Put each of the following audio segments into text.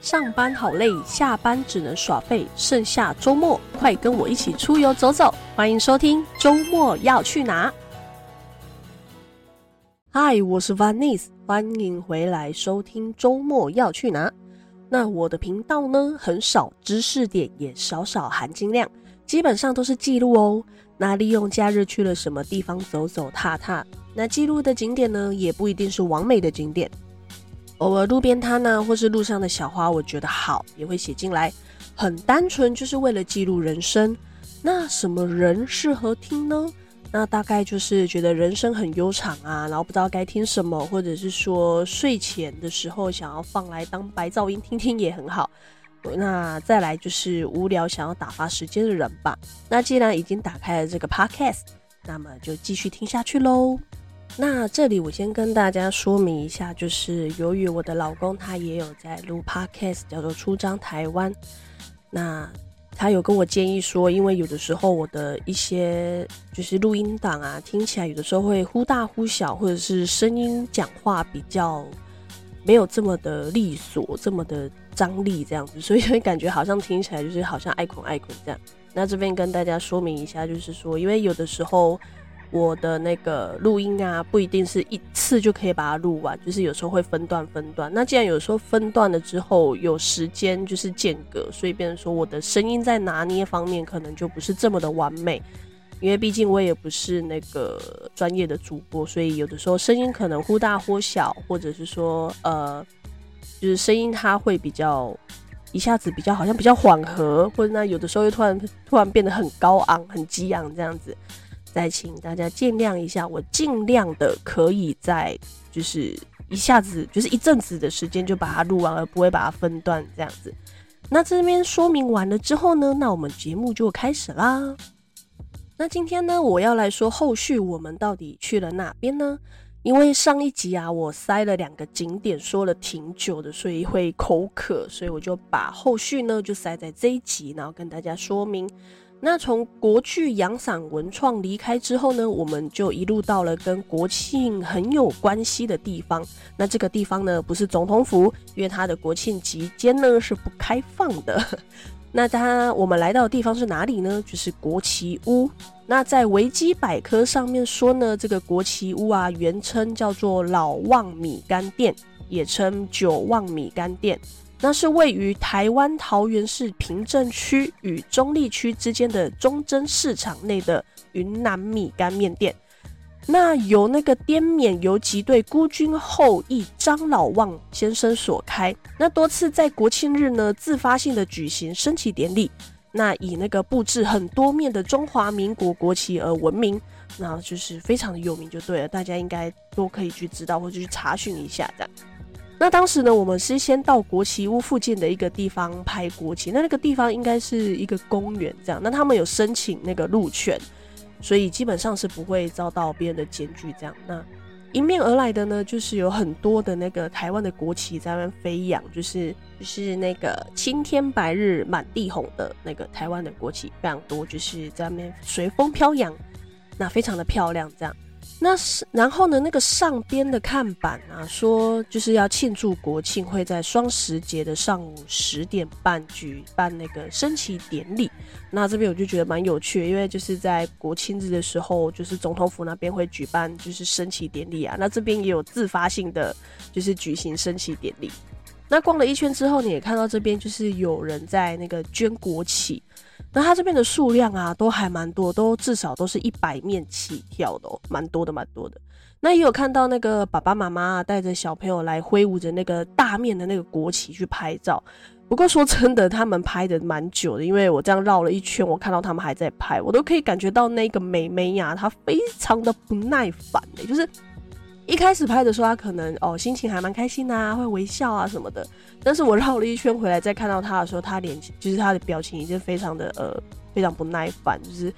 上班好累，下班只能耍廢，剩下周末，快跟我一起出遊走走！歡迎收聽《周末要去哪》。嗨，我是 Vanice，歡迎回來收聽《周末要去哪》。那我的頻道呢，很少知識點，也少少含金量，基本上都是記錄哦。那利用假日去了什麼地方走走踏踏，那記錄的景點呢，也不一定是完美的景點。偶爾、哦、路邊攤呢，或是路上的小花，我覺得好也會寫進來，很單純就是為了記錄人生。那什麼人適合聽呢？那大概就是覺得人生很悠長啊，然後不知道該聽什麼，或者是說睡前的時候想要放來當白噪音聽聽也很好。那再來就是無聊想要打發時間的人吧。那既然已經打開了這個 podcast，那麼就繼續聽下去嘍。那這裡我先跟大家說明一下，就是由於我的老公他也有在錄 Podcast，叫做《出張台灣》。那他有跟我建議說，因為有的時候我的一些就是錄音檔啊，聽起來有的時候會忽大忽小，或者是聲音講話比較沒有這麼的利索，這麼的張力這樣子，所以會感覺好像聽起來就是好像愛睏愛睏這樣。那這邊跟大家說明一下，就是說因為有的時候。我的那個錄音啊，不一定是一次就可以把它錄完，就是有時候會分段分段。那既然有時候分段了之後有時間就是間隔，所以變成說我的聲音在拿捏方面可能就不是這麼的完美，因為畢竟我也不是那個專業的主播，所以有的時候聲音可能忽大忽小，或者是說呃，就是聲音它會比較一下子比較好像比較緩和，或者呢有的時候又突然突然變得很高昂、很激昂這樣子。再請大家見諒一下，我盡量的可以在就是一下子就是一陣子的時間就把它錄完了，而不會把它分段這樣子。那這邊說明完了之後呢，那我們節目就開始啦。那今天呢，我要來說後續我們到底去了哪邊呢？因為上一集啊，我塞了兩個景點，說了挺久的，所以會口渴，所以我就把後續呢就塞在這一集，然後跟大家說明。那從國巨洋傘文創離開之後呢，我們就一路到了跟國慶很有關係的地方。那這個地方呢，不是總統府，因為它的國慶期間呢是不開放的。 那它我們來到的地方是哪裡呢？就是國旗屋。那在維基百科上面說呢，這個國旗屋啊，原稱叫做老旺米干店，也稱九旺米干店。那是位於台灣桃園市平鎮區與中壢區之間的忠貞市場內的雲南米干麵店，那由那個滇緬游擊隊孤軍後裔張老旺先生所開，那多次在國慶日呢自發性的舉行升旗典禮，那以那個布置很多面的中華民國國旗而聞名，那就是非常的有名就對了，大家應該都可以去知道或者去查詢一下的。那當時呢，我們是先到國旗屋附近的一個地方拍國旗。那那個地方應該是一個公園，這樣。那他們有申請那個路權，所以基本上是不會遭到別人的檢舉，這樣。那迎面而來的呢，就是有很多的那個台灣的國旗在那邊飛揚，就是就是那個青天白日滿地紅的那個台灣的國旗非常多，就是在那邊隨風飄揚，那非常的漂亮，這樣。那是，然後呢，那個上邊的看板啊，說就是要慶祝國慶，會在雙十節的上午十點半舉辦那個升旗典禮。那這邊我就覺得蠻有趣，因為就是在國慶日的時候，就是總統府那邊會舉辦就是升旗典禮啊。那這邊也有自發性的就是舉行升旗典禮。那逛了一圈之後，你也看到這邊就是有人在那個捐國旗。那它這邊的數量啊，都還蠻多，都至少都是一百面起跳的哦、喔，蠻多的，蠻多的。那也有看到那個爸爸媽媽帶着小朋友來揮舞着那個大面的那個國旗去拍照。不過說真的，他們拍的蠻久的，因為我這樣繞了一圈，我看到他們還在拍，我都可以感覺到那個妹妹呀，她非常的不耐煩的、欸，就是。一開始拍的時候，他可能哦心情還蠻開心的啊，會微笑啊什麼的。但是我繞了一圈回來再看到他的時候，他臉就是他的表情已經非常的呃非常不耐煩，就是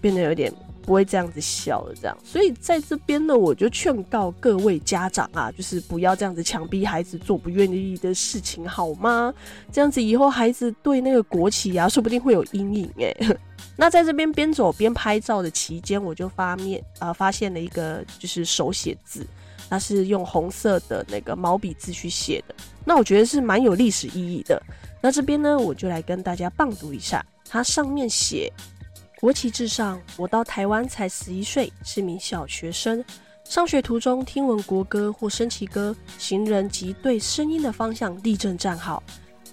變得有點。不會這樣子笑的，這樣，所以在這邊呢，我就勸告各位家長啊，就是不要這樣子強逼孩子做不願意的事情，好嗎？這樣子以後孩子對那個國旗啊，說不定會有陰影誒、欸， 那在這邊邊走邊拍照的期間，我就發面啊、呃，發現了一個就是手寫字，它是用紅色的那個毛筆字去寫的，那我覺得是蠻有歷史意義的。那這邊呢，我就來跟大家棒讀一下，它上面寫。國旗至上。我到台灣才十一歲，是名小學生。上學途中聽聞國歌或升旗歌，行人即對聲音的方向立正站好，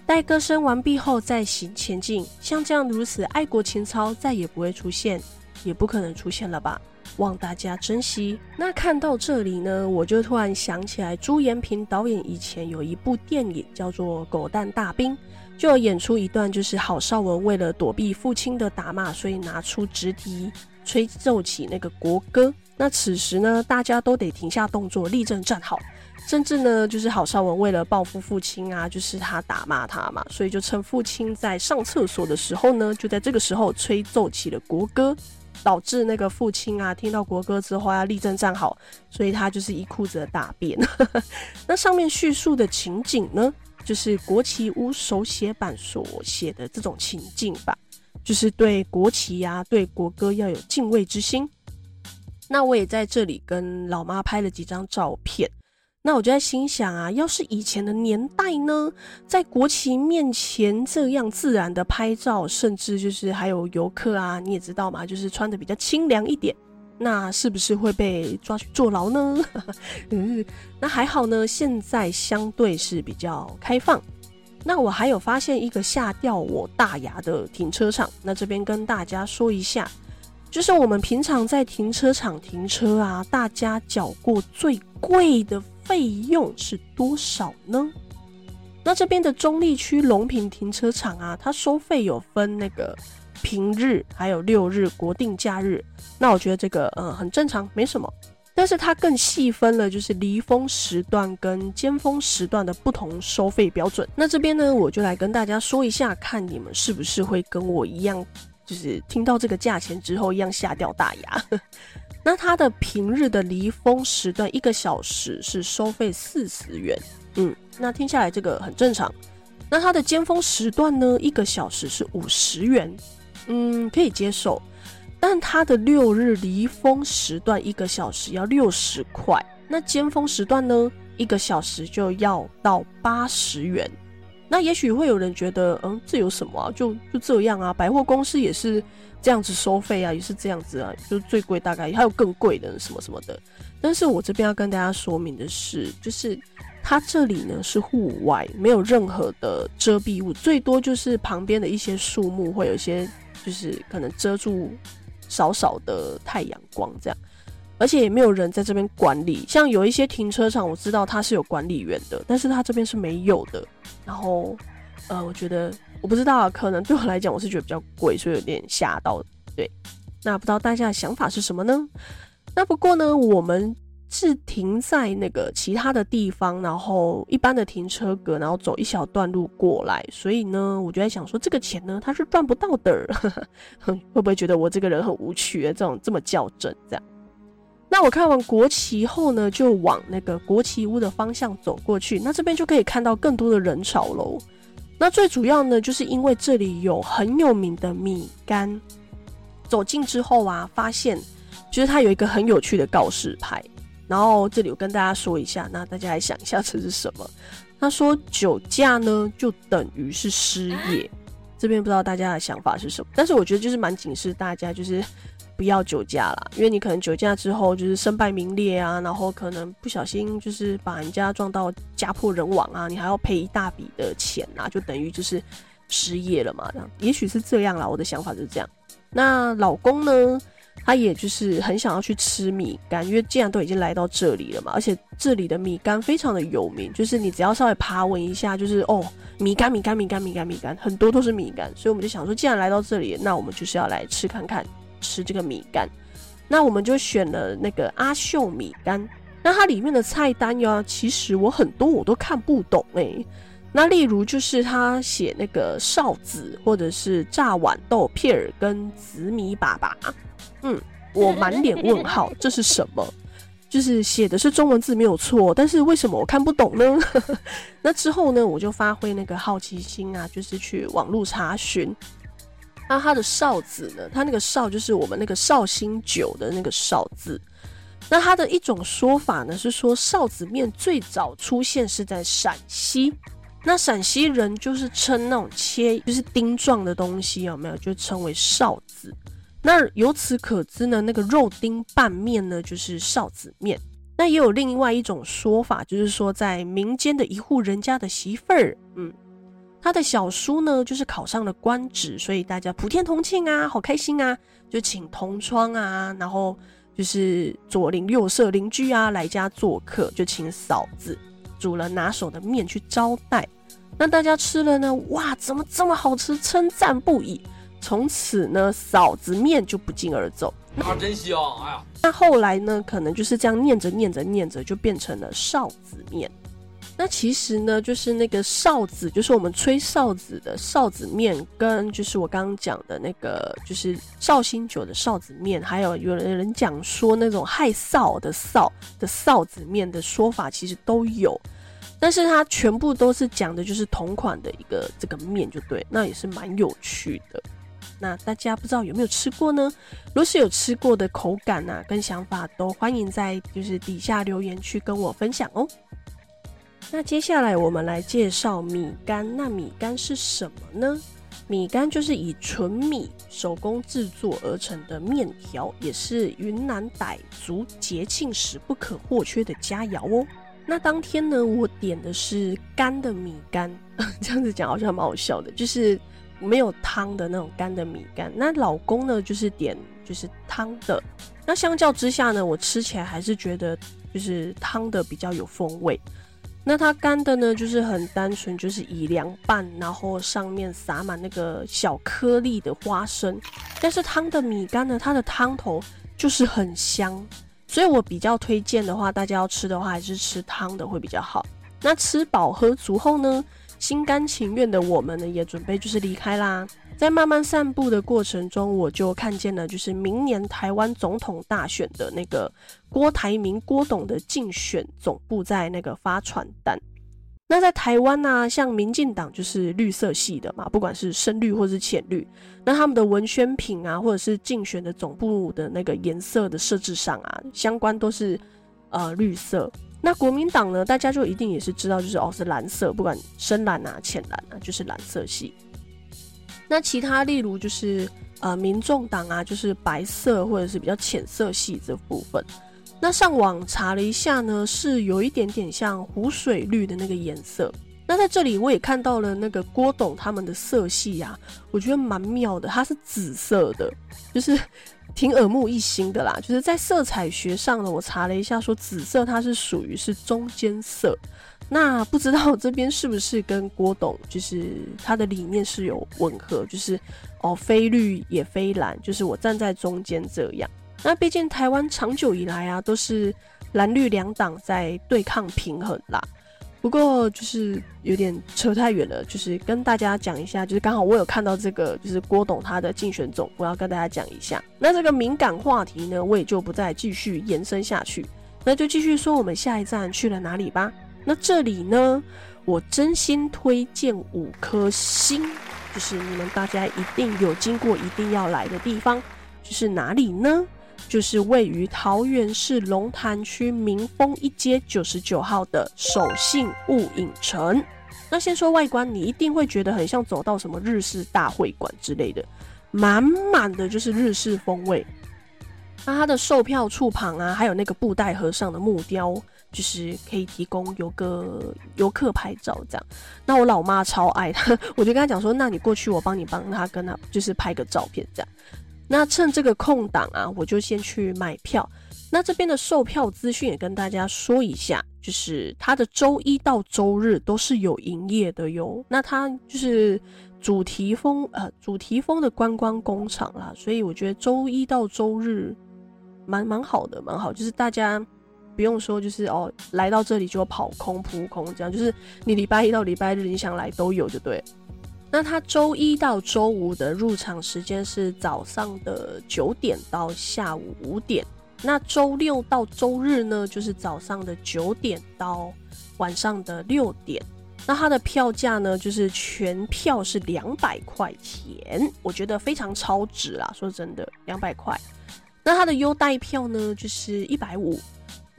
待歌聲完畢後再行前進。像這樣如此愛國情操，再也不會出現，也不可能出現了吧？望大家珍惜。那看到這裡呢，我就突然想起來，朱延平導演以前有一部電影叫做《狗蛋大兵》。就要演出一段，就是郝邵文為了躲避父親的打罵，所以拿出直笛吹奏起那個國歌。那此時呢，大家都得停下動作，立正站好。甚至呢，就是郝邵文為了報復父親啊，就是他打罵他嘛，所以就趁父親在上廁所的時候呢，就在這個時候吹奏起了國歌，導致那個父親啊聽到國歌之後要立正站好，所以他就是一褲子的大便。 那上面敘述的情景呢，就是國旗屋手寫板所寫的這種情境吧，就是對國旗呀、啊，對國歌要有敬畏之心。那我也在這裡跟老媽拍了幾張照片。那我就在心想啊，要是以前的年代呢，在國旗面前這樣自然的拍照，甚至就是還有遊客啊，你也知道嘛，就是穿的比較清涼一點。那是不是會被抓去坐牢呢？ 嗯，那還好呢，現在相對是比較開放。那我還有發現一個嚇掉我大牙的停車場，那這邊跟大家說一下，就是我們平常在停車場停車啊，大家繳過最貴的費用是多少呢？那這邊的中壢區龍平停車場啊，它收費有分那個。平日還有六日國定假日，那我覺得這個嗯很正常，沒什麼。但是它更細分了，就是離峰時段跟尖峰時段的不同收費標準。那這邊呢，我就來跟大家說一下，看你們是不是會跟我一樣，就是聽到這個價錢之後一樣嚇掉大牙。 那它的平日的離峰時段，一個小時是收費四十元，嗯，那聽下來這個很正常。那它的尖峰時段呢，一個小時是五十元。嗯，可以接受，但它的六日離峰時段一個小時要六十塊，那尖峰時段呢？一個小時就要到八十元。那也許會有人覺得，嗯，這有什麼啊？就就這樣啊？百貨公司也是這樣子收費啊，也是這樣子啊？就最貴，大概還有更貴的什麼什麼的。但是我這邊要跟大家說明的是，就是它這裡呢是戶外，沒有任何的遮蔽物，最多就是旁邊的一些樹木會有一些。就是可能遮住少少的太陽光這樣，而且也沒有人在這邊管理。像有一些停車場，我知道它是有管理員的，但是它這邊是沒有的。然後，呃，我覺得我不知道，可能對我來講，我是覺得比較貴，所以有點嚇到。對，那不知道大家的想法是什麼呢？那不過呢，我們，是停在那個其他的地方，然後一般的停車格，然後走一小段路過來。所以呢，我就在想說，這個錢呢，它是賺不到的。 會不會覺得我這個人很無趣？欸，這種這麼較真，這樣。那我看完國旗後呢，就往那個國旗屋的方向走過去。那這邊就可以看到更多的人潮嘍。那最主要呢，就是因為這裡有很有名的米干。走近之後啊，發現就是它有一個很有趣的告示牌。然後這裡我跟大家說一下，那大家來想一下這是什麼？他說酒駕呢就等於是失業，這邊不知道大家的想法是什麼，但是我覺得就是蠻警示大家就是不要酒駕啦，因為你可能酒駕之後就是身敗名裂啊，然後可能不小心就是把人家撞到家破人亡啊，你還要賠一大筆的錢啊，就等於就是失業了嘛，這樣也許是這樣啦，我的想法就是這樣。那老公呢？他也就是很想要去吃米干，因為既然都已經來到這裡了嘛，而且這裡的米干非常的有名，就是你只要稍微爬文一下，就是哦，米干米干米干米干米干，米干，很多都是米干，所以我們就想說，既然來到這裡，那我們就是要來吃看看，吃這個米干，那我們就選了那個阿秀米干，那它裡面的菜單喲，其實我很多我都看不懂誒、欸。那例如就是他寫那個哨子，或者是炸豌豆片兒跟紫米粑粑。嗯，我滿臉問號，這是什麼？就是寫的是中文字沒有錯，但是為什麼我看不懂呢？ 那之後呢，我就發揮那個好奇心啊，就是去網路查詢。那他的哨子呢？他那個哨就是我們那個紹興酒的那個哨字。那他的一種說法呢是說，哨子麵最早出現是在陝西。那陝西人就是稱那種切就是丁狀的東西，有沒有就稱為臊子。那由此可知呢，那個肉丁拌麵呢就是臊子麵。那也有另外一種說法，就是說在民間的一戶人家的媳婦兒，嗯，他的小叔呢就是考上了官職，所以大家普天同慶啊，好開心啊，就請同窗啊，然後就是左鄰右舍鄰居啊來家做客，就請嫂子煮了拿手的麵去招待。那大家吃了呢？哇，怎麼這麼好吃？稱讚不已。從此呢，臊子麵就不脛而走。啊，真香哦！哎呀，那後來呢？可能就是這樣念着念着念着，就變成了臊子麵。那其實呢，就是那個臊子，就是我們吹哨子的臊子麵，跟就是我剛剛講的那個，就是紹興酒的臊子麵，還有有人講說那種害臊的臊的臊子麵的說法，其實都有。但是它全部都是講的，就是同款的一個這個麵，就對，那也是蠻有趣的。那大家不知道有沒有吃過呢？若是有吃過的口感啊跟想法都歡迎在就是底下留言去跟我分享哦。那接下來我們來介紹米干。那米干是什麼呢？米干就是以純米手工製作而成的麵條，也是雲南傣族節慶時不可或缺的佳餚哦。那當天呢，我點的是乾的米干，這樣子講好像蠻好笑的，就是沒有湯的那種乾的米干。那老公呢，就是點就是湯的。那相較之下呢，我吃起來還是覺得就是湯的比較有風味。那它乾的呢，就是很單純，就是以涼拌，然後上面撒滿那個小顆粒的花生。但是湯的米干呢，它的湯頭就是很香。所以我比較推薦的話，大家要吃的話，還是吃湯的會比較好。那吃飽喝足後呢，心甘情願的我們呢，也準備就是離開啦。在慢慢散步的過程中，我就看見了，就是明年台灣總統大選的那個郭台銘、郭董的競選總部在那個發傳單。那在台灣呢、啊，像民進黨就是綠色系的嘛，不管是深綠或是淺綠，那他們的文宣品啊，或者是競選的總部的那個顏色的設置上啊，相關都是呃綠色。那國民黨呢，大家就一定也是知道，就是哦是藍色，不管深藍啊、淺藍啊，就是藍色系。那其他例如就是呃民眾黨啊，就是白色或者是比較淺色系這部分。那上網查了一下呢，是有一點點像湖水綠的那個顏色。那在這裡我也看到了那個郭董他們的色系呀，我覺得蠻妙的，它是紫色的，就是挺耳目一新的啦。就是在色彩學上呢，我查了一下說紫色它是屬於是中間色。那不知道這邊是不是跟郭董就是它的理念是有吻合，就是哦非綠也非藍，就是我站在中間這樣。那畢竟台灣長久以來啊，都是藍綠兩黨在對抗平衡啦。不過就是有點扯太遠了，就是跟大家講一下，就是剛好我有看到這個，就是郭董他的競選總，我要跟大家講一下。那這個敏感話題呢，我也就不再繼續延伸下去。那就繼續說我們下一站去了哪裡吧。那這裡呢，我真心推薦五顆星，就是你們大家一定有經過、一定要來的地方，就是哪裡呢？就是位於桃園市龍潭區民豐一街九十九號的手信霧隱城。那先說外觀，你一定會覺得很像走到什麼日式大會館之類的，滿滿的就是日式風味。那它的售票處旁啊，還有那個布袋和尚的木雕，就是可以提供有個遊客拍照這樣。那我老媽超愛她，我就跟她講說：那你過去，我幫你幫她，她，跟她就是拍個照片這樣。那趁這個空檔啊，我就先去買票。那這邊的售票資訊也跟大家說一下，就是它的周一到周日都是有營業的喲。那它就是主題風，呃，主題風的觀光工廠啦，所以我覺得周一到周日蠻蠻好的，蠻好。就是大家不用說就是哦，來到這裡就要跑空撲空這樣，就是你禮拜一到禮拜日你想來都有，就對。那它周一到周五的入場時間是早上的九點到下午五點，那周六到周日呢，就是早上的九點到晚上的六點。那它的票價呢，就是全票是兩百塊錢，我覺得非常超值啦，說真的，兩百塊。那它的優待票呢，就是一百五。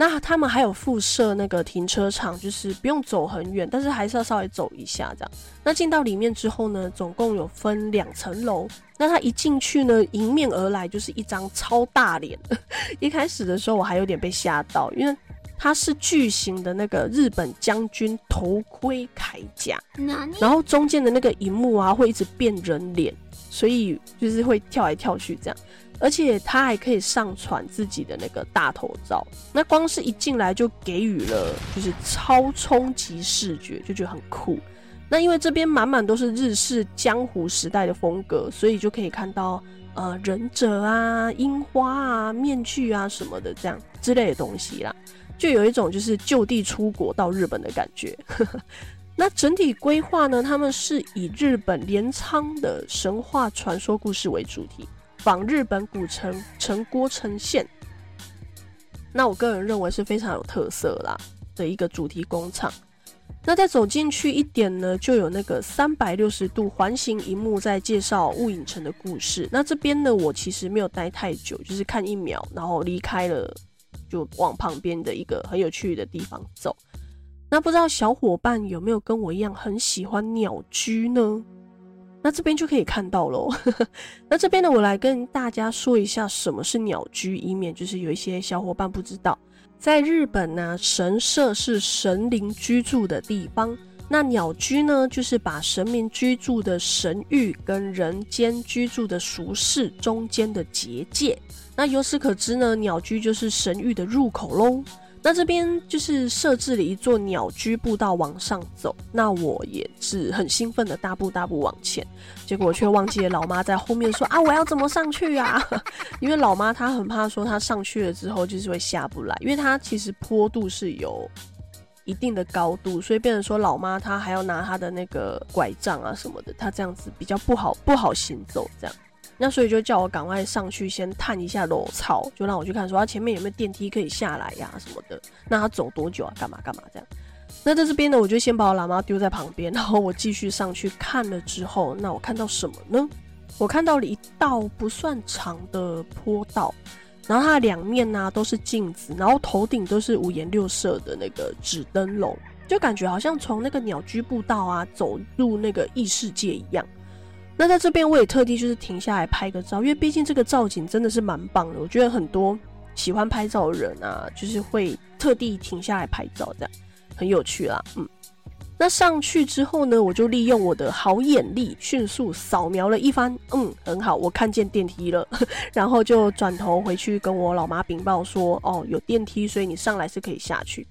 那他們還有附設那個停車場，就是不用走很遠，但是還是要稍微走一下這樣。那進到裡面之後呢，總共有分兩層樓。那他一進去呢，迎面而來就是一張超大臉， 一開始的時候我還有點被嚇到，因為。它是巨型的那個日本將軍頭盔鎧甲，裡然後中間的那個熒幕啊會一直變人臉，所以就是會跳來跳去這樣，而且它還可以上傳自己的那個大頭照。那光是一進來就給予了就是超衝擊視覺，就覺得很酷。那因為這邊滿滿都是日式江戶時代的風格，所以就可以看到呃忍者啊、櫻花啊、面具啊什麼的這樣之類的東西啦。就有一種就是就地出國到日本的感覺。 那整體規劃呢，他們是以日本鎌倉的神話傳說故事為主題，仿日本古城城郭城縣。那我個人認為是非常有特色啦的一個主題工廠。那再走進去一點呢，就有那個三百六十度環形熒幕在介紹霧隱城的故事。那這邊呢，我其實沒有待太久，就是看一秒，然後離開了。就往旁邊的一個很有趣的地方走。那不知道小伙伴有沒有跟我一樣很喜歡鳥居呢？那這邊就可以看到嘍喔。 那這邊呢，我來跟大家說一下什麼是鳥居，以免就是有一些小伙伴不知道。在日本呢，神社是神靈居住的地方。那鳥居呢，就是把神明居住的神域跟人間居住的俗世中間的結界。那由此可知呢，鳥居就是神域的入口嘍。那這邊就是設置了一座鳥居步道，往上走。那我也是很興奮的大步大步往前，結果卻忘記了老媽在後面說啊，我要怎麼上去啊？ 因為老媽她很怕說她上去了之後就是會下不來，因為它其實坡度是有。一定的高度，所以變成說，老媽她還要拿她的那個拐杖啊什麼的，她這樣子比較不好，不好行走這樣。那所以就叫我趕快上去先探一下路草，就讓我去看說，他前面有沒有電梯可以下來呀、啊、什麼的。那他走多久啊？幹嘛幹嘛這樣？那在這邊呢，我就先把我老媽丟在旁邊，然後我繼續上去看了之後，那我看到什麼呢？我看到了一道不算長的坡道。然後它的兩面呢、啊、都是鏡子，然後頭頂都是五顏六色的那個紙燈籠，就感覺好像從那個鳥居步道啊走入那個異世界一樣。那在這邊我也特地就是停下來拍個照，因為畢竟這個造景真的是蠻棒的，我覺得很多喜歡拍照的人啊，就是會特地停下來拍照，這樣很有趣啦，嗯。那上去之後呢，我就利用我的好眼力，迅速掃描了一番。嗯，很好，我看見電梯了呵呵。然後就轉頭回去跟我老媽稟報說：“哦，有電梯，所以你上來是可以下去。”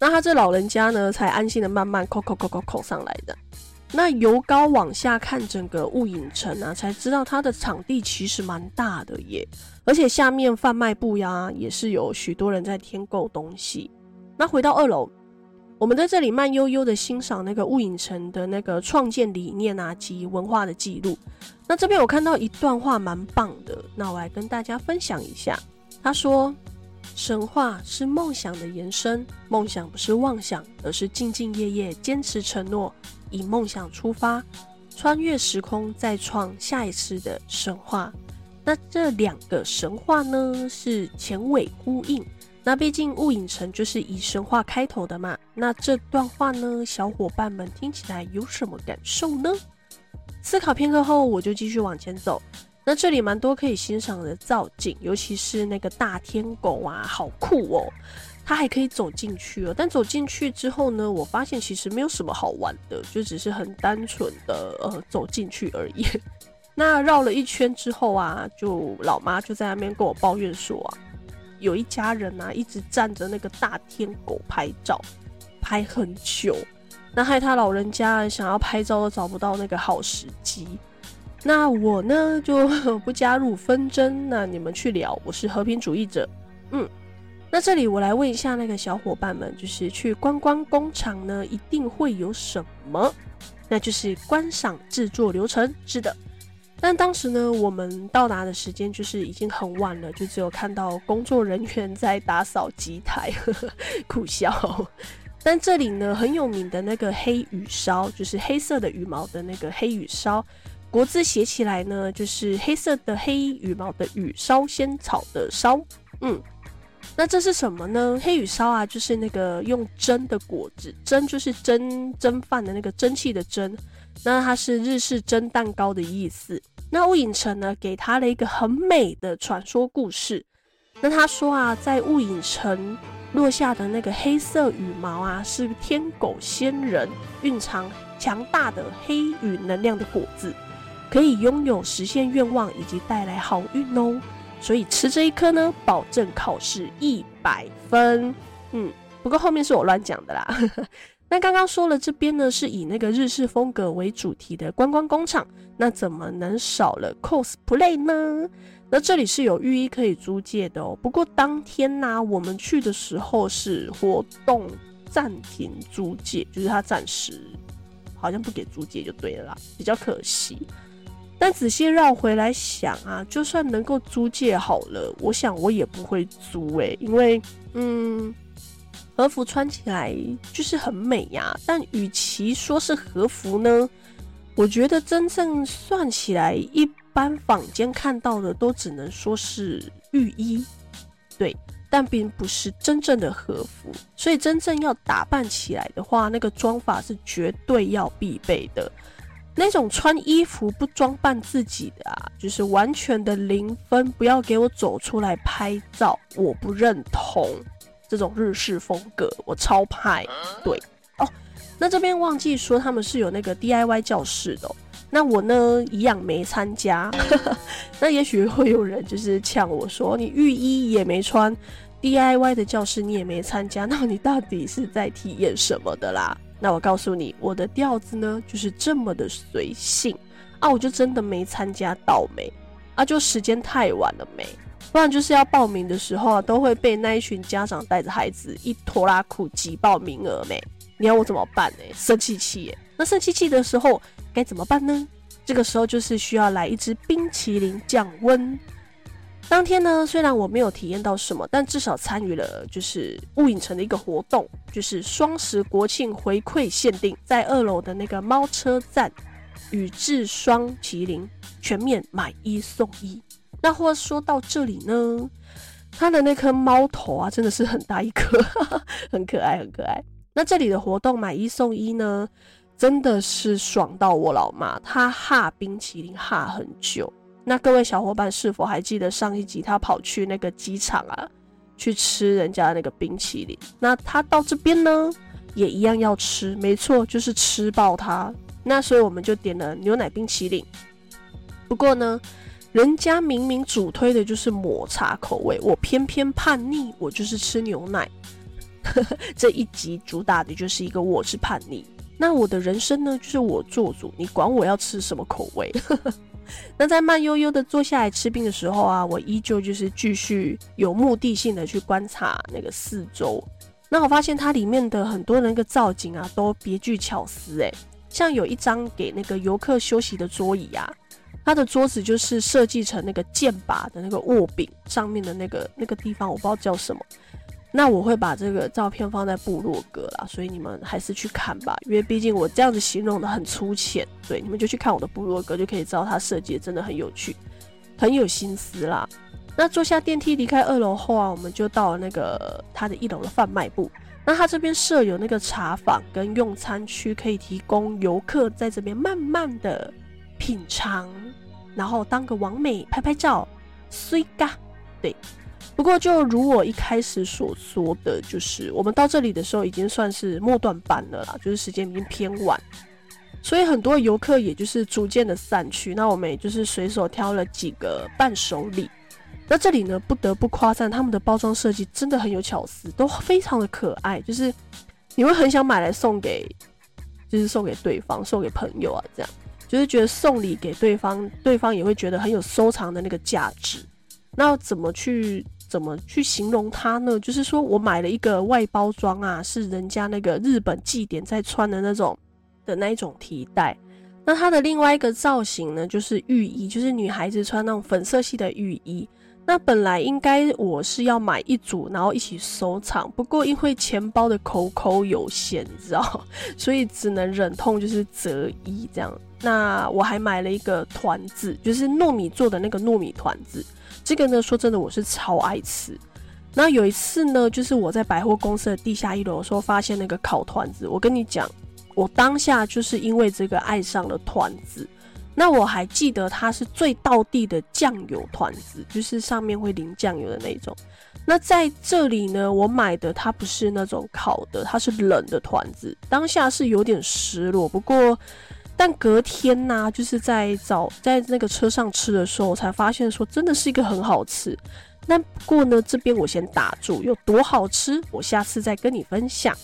那他這老人家呢，才安心的慢慢扣扣扣扣扣上來的。那由高往下看整個霧影城啊，才知道它的場地其實蠻大的耶。而且下面販賣部呀，也是有許多人在添購東西。那回到二樓。我們在這裡慢悠悠的欣賞那個霧影城的那個創建理念啊，及文化的記錄。那這邊我看到一段話蠻棒的，那我來跟大家分享一下。他說：“神話是夢想的延伸，夢想不是妄想，而是兢兢業業、堅持承諾，以夢想出發，穿越時空，再創下一次的神話。”那這兩個神話呢，是前尾呼應。那畢竟霧影城就是以神話開頭的嘛，那這段話呢，小夥伴們聽起來有什麼感受呢？思考片刻後，我就繼續往前走。那這裡蠻多可以欣賞的造景，尤其是那個大天狗啊，好酷哦！它還可以走進去哦。但走進去之後呢，我發現其實沒有什麼好玩的，就只是很單純的呃走進去而已。 那繞了一圈之後啊，就老媽就在那邊跟我抱怨說啊，有一家人啊，一直站着那個大天狗拍照，拍很久，那害他老人家想要拍照都找不到那個好時機。那我呢就不加入紛爭，那你們去聊，我是和平主義者。嗯，那這裡我來問一下那個小伙伴們，就是去觀光工廠呢，一定會有什麼？那就是觀賞制作流程，是的。但當時呢，我們到達的時間就是已經很晚了，就只有看到工作人員在打掃機台，呵呵，苦笑。但這裡呢很有名的那個黑羽燒，就是黑色的羽毛的那個黑羽燒，國字寫起來呢就是黑色的黑羽毛的羽燒仙草的燒，嗯，那這是什麼呢？黑羽燒啊，就是那個用蒸的果子，蒸就是蒸蒸飯的那個蒸汽的蒸，那它是日式蒸蛋糕的意思。那霧影城呢，給他了一個很美的傳說故事。那他說啊，在霧影城落下的那個黑色羽毛啊，是天狗仙人，蘊藏強大的黑羽能量的果子，可以擁有實現願望以及帶來好運哦。所以吃這一顆呢，保證考試一百分。嗯，不過後面是我亂講的啦。 那剛剛說了這，這邊呢是以那個日式風格為主題的觀光工廠，那怎麼能少了 cosplay 呢？那這裡是有浴衣可以租借的哦、喔。不過當天呢、啊，我們去的時候是活動暫停租借，就是它暫時好像不給租借就對了啦，比較可惜。但仔細繞回來想啊，就算能夠租借好了，我想我也不會租誒、欸，因為嗯。和服穿起來就是很美呀、啊，但與其說是和服呢，我覺得真正算起來，一般坊間看到的都只能說是浴衣，對，但並不是真正的和服。所以真正要打扮起來的話，那個妝法是絕對要必備的。那種穿衣服不裝扮自己的啊，就是完全的零分，不要給我走出來拍照，我不認同。這種日式風格，我超派對哦。那這邊忘記說，他們是有那個 DIY 教室的哦。那我呢，一樣沒參加。 那也許會有人就是嗆我說，你浴衣也沒穿，DIY 的教室你也沒參加，那你到底是在體驗什麼的啦？那我告訴你，我的調子呢，就是這麼的隨性啊，我就真的沒參加，倒霉啊，就時間太晚了沒。不然就是要報名的時候啊，都會被那一群家長帶着孩子一拖拉庫擠爆名額沒。欸？你要我怎麼辦呢？欸？生氣氣耶！那生氣氣的時候該怎麼辦呢？這個時候就是需要來一支冰淇淋降溫。當天呢，雖然我沒有體驗到什麼，但至少參與了就是霧影城的一個活動，就是雙十國慶回饋限定，在二樓的那個貓車站，宇智雙淇淋全面買一送一。那話說到這裡呢，他的那顆貓頭啊，真的是很大一顆，哈哈，很可愛，很可愛。那這裡的活動買一送一呢，真的是爽到我老媽。他哈冰淇淋哈很久。那各位小夥伴是否還記得上一集他跑去那個機場啊，去吃人家的那個冰淇淋？那他到這邊呢，也一樣要吃，沒錯，就是吃爆它。那所以我們就點了牛奶冰淇淋。不過呢。人家明明主推的就是抹茶口味，我偏偏叛逆，我就是吃牛奶。 這一集主打的就是一個我是叛逆，那我的人生呢，就是我做主，你管我要吃什麼口味？ 那在慢悠悠的坐下來吃冰的時候啊，我依舊就是繼續有目的性的去觀察那個四周。那我發現它裡面的很多的那個造景啊，都別具巧思誒、欸，像有一張給那個遊客休息的桌椅啊。它的桌子就是設計成那個劍把的那個握柄上面的那個那個地方，我不知道叫什麼。那我會把這個照片放在部落格啦，所以你們還是去看吧，因為畢竟我這樣子形容的很粗淺，對，你們就去看我的部落格就可以知道它設計真的很有趣，很有心思啦。那坐下電梯離開二樓後啊，我們就到了那個它的一樓的販賣部。那它這邊設有那個茶坊跟用餐區，可以提供遊客在這邊慢慢的。品嚐，然後當個網美拍拍照，隨噶，對。不過就如我一開始所說的就是，我們到這裡的時候已經算是末段班了啦，就是時間已經偏晚，所以很多遊客也就是逐漸的散去。那我們也就是隨手挑了幾個伴手禮。那這裡呢，不得不誇讚他們的包裝設計真的很有巧思，都非常的可愛，就是你會很想買來送給，就是送給對方、送給朋友啊這樣。就是覺得送禮給對方，對方也會覺得很有收藏的那個價值。那怎麼去怎麼去形容它呢？就是說我買了一個外包裝啊，是人家那個日本祭典在穿的那種的那一種提袋。那它的另外一個造型呢，就是浴衣，就是女孩子穿那種粉色系的浴衣。那本來應該我是要買一組，然後一起收藏。不過因為錢包的口口有限，你知道，所以只能忍痛就是擇一這樣。那我還買了一個團子，就是糯米做的那個糯米團子。這個呢，說真的，我是超愛吃。那有一次呢，就是我在百貨公司的地下一樓的時候，發現那個烤團子。我跟你講，我當下就是因為這個愛上了團子。那我還記得它是最道地的醬油團子，就是上面會淋醬油的那種。那在這裡呢，我買的它不是那種烤的，它是冷的團子。當下是有點失落，不過。但隔天呢、啊，就是在早在那個車上吃的時候，才發現說真的是一個很好吃。那不過呢，這邊我先打住，有多好吃，我下次再跟你分享。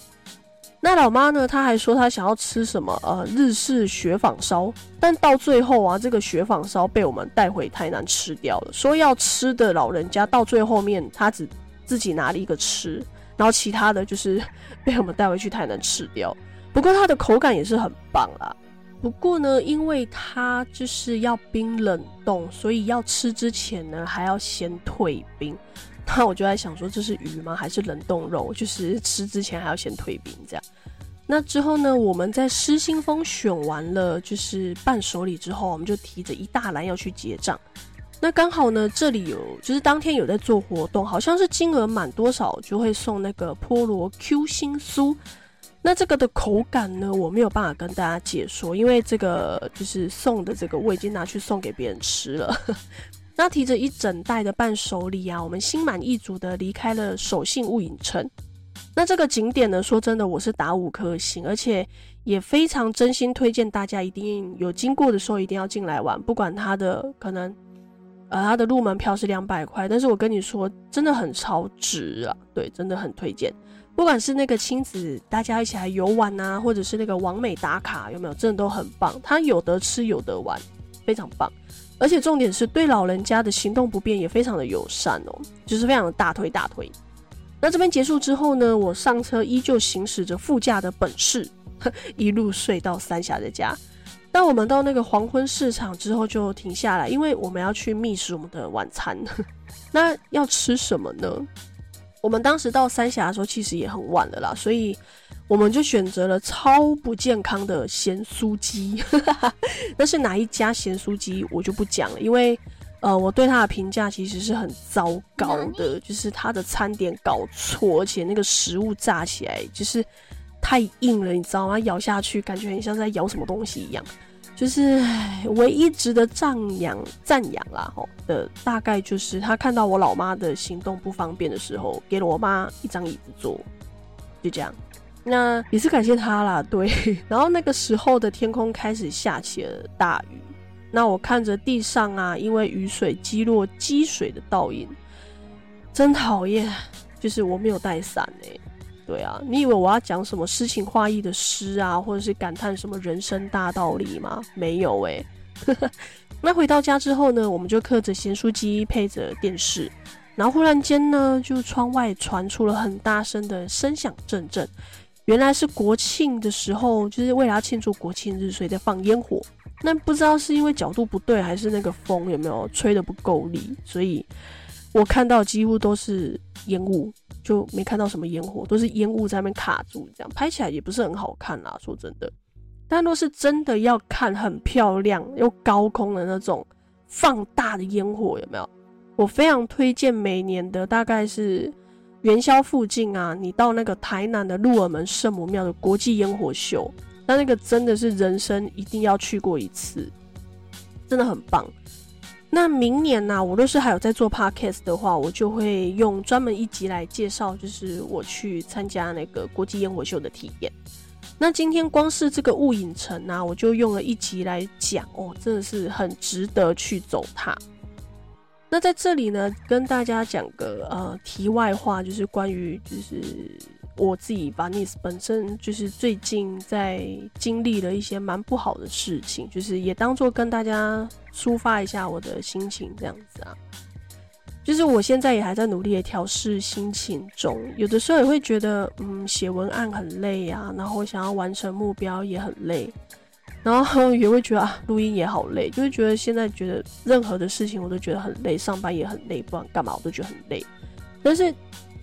那老媽呢，她還說她想要吃什麼呃，日式雪紡燒，但到最後啊，這個雪紡燒被我們帶回台南吃掉了。說要吃的老人家到最後面，他只自己拿了一個吃，然後其他的就是被我們帶回去台南吃掉。不過它的口感也是很棒啊。不過呢，因為它就是要冰冷凍，所以要吃之前呢，還要先退冰。那我就在想說，這是魚嗎？還是冷凍肉？就是吃之前還要先退冰這樣。那之後呢，我們在失心瘋選完了就是伴手禮之後，我們就提着一大籃要去結賬。那剛好呢，這裡有就是當天有在做活動，好像是金額滿多少就會送那個菠蘿 Q 心酥。那這個的口感呢，我沒有辦法跟大家解說，因為這個就是送的這個，我已經拿去送給別人吃了。 那提着一整袋的伴手禮啊，我們心滿意足的離開了手信霧隱城。那這個景點呢，說真的，我是打五顆星，而且也非常真心推薦大家，一定有經過的時候一定要進來玩。不管它的可能，呃，它的入門票是兩百塊，但是我跟你說，真的很超值啊，對，真的很推薦。不管是那個親子大家一起來遊玩啊，或者是那個網美打卡，有沒有？真的都很棒，他有得吃，有得玩，非常棒。而且重點是對老人家的行動不便也非常的友善哦，就是非常的大推大推。那這邊結束之後呢，我上車依舊行駛着副駕的本事，一路睡到三峽的家。當我們到那個黃昏市場之後就停下來，因為我們要去覓食我們的晚餐。那要吃什麼呢？我們當時到三峽的時候，其實也很晚了啦，所以我們就選擇了超不健康的鹹酥雞。那 是哪一家鹹酥雞，我就不講了，因為呃，我對他的評價其實是很糟糕的，就是他的餐點搞錯，而且那個食物炸起來就是太硬了，你知道嗎？它咬下去感覺很像是在咬什麼東西一樣。就是唯一值得讚揚讚揚啦吼的大概就是他看到我老媽的行動不方便的時候，給了我媽一張椅子坐，就這樣，那也是感謝他啦。對， 然後那個時候的天空開始下起了大雨，那我看着地上啊，因為雨水擊落積水的倒影，真討厭，就是我沒有帶傘哎。對啊，你以為我要講什麼詩情畫意的詩啊，或者是感嘆什麼人生大道理嗎？沒有誒、欸。 那回到家之後呢，我們就嗑著鹹酥雞，配着電視，然後忽然間呢，就窗外傳出了很大聲的聲響陣陣。原來是國慶的時候，就是為了要慶祝國慶日，所以在放煙火。那不知道是因為角度不對，還是那個風有沒有吹得不夠力，所以。我看到幾乎都是煙霧，就沒看到什麼煙火，都是煙霧在那邊卡住，這樣拍起來也不是很好看啦。說真的，但若是真的要看很漂亮又高空的那種放大的煙火，有沒有？我非常推薦每年的大概是元宵附近啊，你到那個台南的鹿耳門聖母廟的國際煙火秀，那那個真的是人生一定要去過一次，真的很棒。那明年呢、啊，我若是還有在做 podcast 的話，我就會用專門一集來介紹，就是我去參加那個國際煙火秀的體驗。那今天光是這個霧影城呢、啊，我就用了一集來講哦，真的是很值得去走它。那在這裡呢，跟大家講個呃題外話，就是關於就是。我自己把你本身就是最近在經歷了一些蠻不好的事情，就是也當做跟大家抒發一下我的心情這樣子啊。就是我現在也還在努力的調適心情中，有的時候也會覺得，嗯，寫文案很累呀，啊，然後想要完成目標也很累，然後也會覺得啊，錄音也好累，就會覺得現在覺得任何的事情我都覺得很累，上班也很累，不管幹嘛我都覺得很累，但是。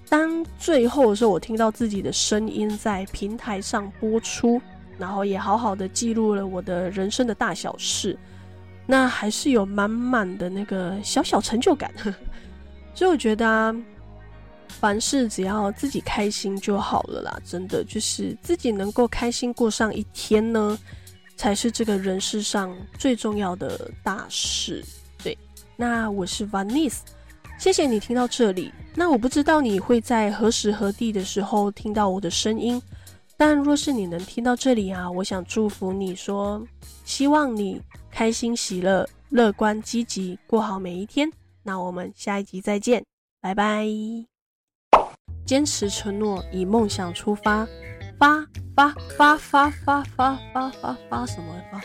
當最後的時候，我聽到自己的聲音在平台上播出，然後也好好的記錄了我的人生的大小事，那還是有滿滿的那個小小成就感。 所以我覺得啊，凡事只要自己開心就好了啦，真的就是自己能夠開心過上一天呢，才是這個人世上最重要的大事。對，那我是 Vanice。謝謝你聽到這裡。那我不知道你會在何時何地的時候聽到我的聲音，但若是你能聽到這裡啊，我想祝福你說，希望你開心喜樂，樂觀積極，過好每一天。那我們下一集再見，拜拜。堅持承諾，以夢想出發，發發發發發發發發什麼發？